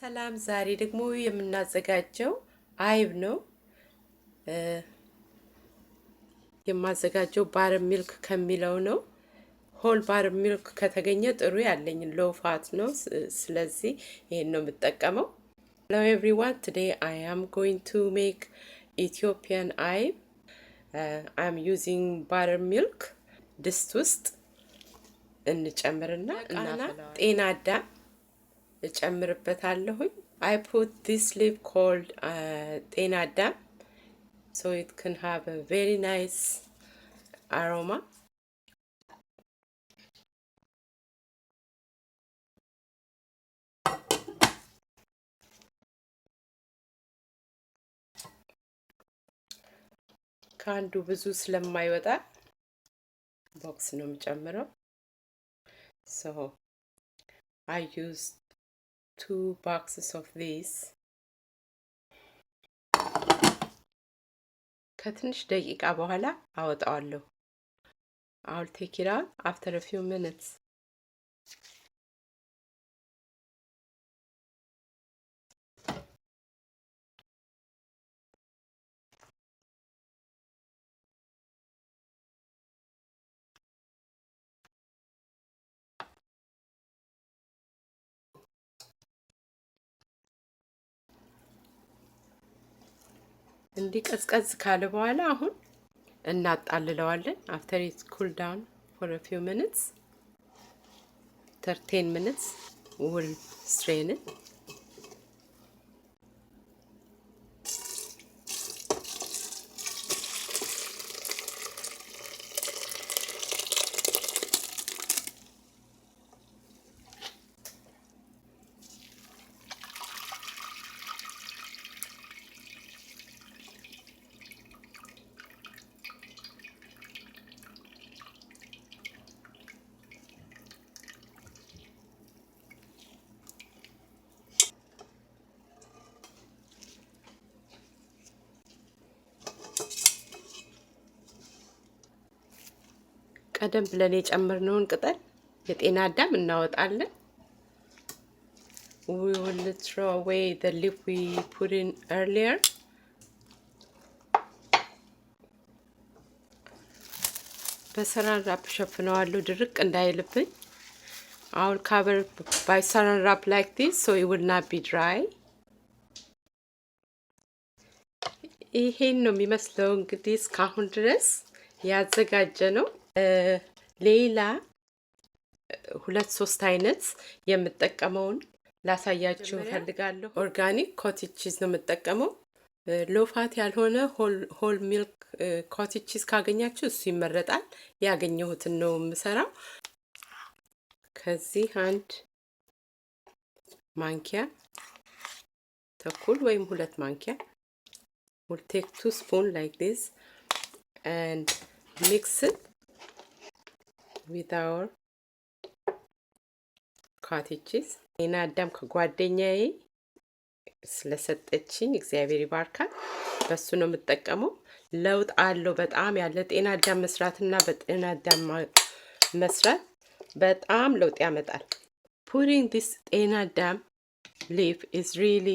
ሰላም። ዛሬ ደግሞ የምናዘጋጀው አይብ ነው። የማዘጋጀው ባር ሚልክ ከሚለው ነው። ሆል ባር ሚልክ ከተገኘ ጥሩ ያለኝ ሎው ነው። ስለዚህ ይሄን ነው የምጠቀመው። ሄሎ ኤቭሪዋን ቱዴይ አይ አም ጎይንግ ቱ ሜክ ኢትዮጵያን አይብ አይ አም ዩዚንግ ባር ሚልክ ድስት ውስጥ እንጨምርና እና ጤና አዳም እጨምርበታለሁኝ። አይ ፑት ዲስ ሊፕ ኮልድ ጤና አዳም ሶ ኢት ክን ሃቭ ቬሪ ናይስ አሮማ ከአንዱ ብዙ ስለማይወጣ ቦክስ ነው የምጨምረው። ሶ አይ ዩዝ two boxes of this ከትንሽ ደቂቃ በኋላ አወጣዋለሁ። I'll take it out after a few minutes. እንዲህ ቀዝቀዝ ካለ በኋላ አሁን እናጣልለዋለን። አፍተር ኢት ኩል ዳውን ፎር አ ፊው ሚኒትስ ተር ቴን ሚኒትስ ውል ስትሬንን ቀደም ብለን የጨመርነውን ቅጠል የጤና አዳም እናወጣለን። we will throw away the leaf we put in earlier. በሰራን ራፕ ሸፍነዋለሁ ድርቅ እንዳይልብኝ። አሁን ካቨር ባይ ሰራን ራፕ ላይክ ዲስ ሶ it will not be dry. ይሄን ነው የሚመስለው እንግዲህ እስካሁን ድረስ ያዘጋጀ ነው። ሌላ ሁለት ሶስት አይነት የምጠቀመውን ላሳያችሁ እፈልጋለሁ። ኦርጋኒክ ኮቲችዝ ነው የምጠቀመው። ሎፋት ያልሆነ ሆል ሚልክ ኮቲችዝ ካገኛችሁ እሱ ይመረጣል። ያገኘሁትን ነው የምሰራው። ከዚህ አንድ ማንኪያ ተኩል ወይም ሁለት ማንኪያ ሙልቴክ ቱ ስፑን ላይክ ዲስ ኤንድ ዊዛወር ካቴችስ ኔና አዳም ከጓደኛዬ ስለሰጠችኝ እግዚአብሔር ይባርካል። በሱ ነው የምጠቀመው። ለውጥ አለው በጣም ያለ ጤና አዳም መስራትና በጤና አዳም መስራት በጣም ለውጥ ያመጣል። ፑሪንግ ዲስ ጤና አዳም ሊፍ ኢዝ ሪሊ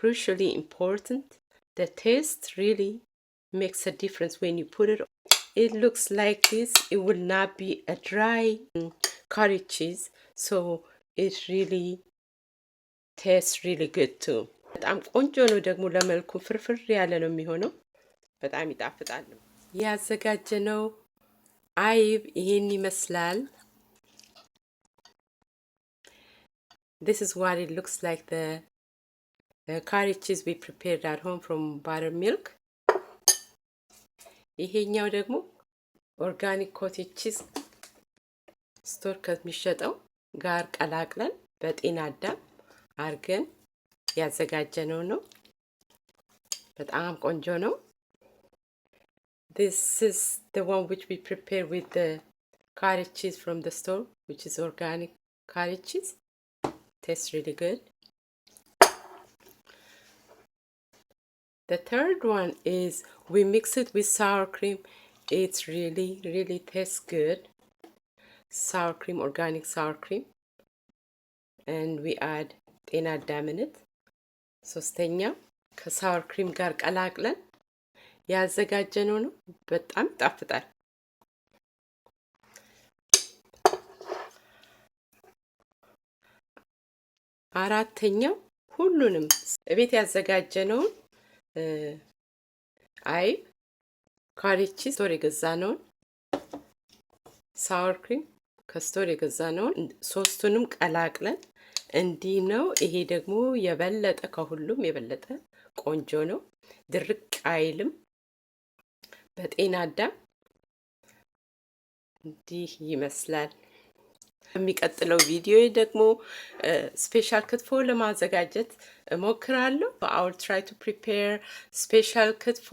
ክሩሻሊ ኢምፖርታንት ቴስት ሪሊ ሜክስ ዲፍረንስ ዌን ዩ ፑት it looks like this it will not be a dry cottage cheese so it really tastes really good too በጣም ቆንጆ ነው ደግሞ ለመልኩ ፍርፍር ያለ ነው የሚሆነው በጣም ይጣፍጣል ያዘጋጀነው አይብ ይህን ይመስላል this is what it looks like the the cottage cheese we prepared at home from buttermilk ይሄኛው ደግሞ ኦርጋኒክ cottage ቺዝ ስቶር ከሚሸጠው ጋር ቀላቅለን በጤና አዳም አርገን ያዘጋጀነው ነው። በጣም ቆንጆ ነው። This is the one which we prepare with the carrot cheese from the store, which is organic carrot cheese. Tastes really good. The third one is we mix it with sour cream it's really, really tastes good. Sour cream, organic sour cream. And we add ጤና አዳም ንት ሶስተኛ ከሳወር ክሪም ጋር ቀላቅለን ያዘጋጀነው ነው። በጣም ይጣፍጣል። አራተኛው ሁሉንም ቤት ያዘጋጀነውን አይብ ካሬ ቺዝ ስቶር የገዛነውን ሳወር ክሪም ከስቶር የገዛነውን ሶስቱንም ቀላቅለን እንዲህ ነው። ይሄ ደግሞ የበለጠ ከሁሉም የበለጠ ቆንጆ ነው። ድርቅ አይልም። በጤና አዳም እንዲህ ይመስላል። የሚቀጥለው ቪዲዮ ደግሞ ስፔሻል ክትፎ ለማዘጋጀት እሞክራለሁ። አውል ትራይ ቱ ፕሪፔር ስፔሻል ክትፎ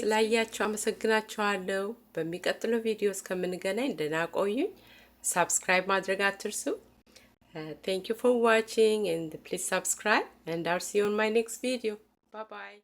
ስላያችሁ አመሰግናችኋለሁ። በሚቀጥለው ቪዲዮ እስከምንገናኝ ደህና ቆዩኝ። ሳብስክራይብ ማድረግ አትርሱ። ቴንክ ዩ ፎር ዋቺንግ ፕሊዝ ሳብስክራይብ ኤንድ አር ሲ ዩ ኦን ማይ ኔክስት ቪዲዮ ባይ ባይ።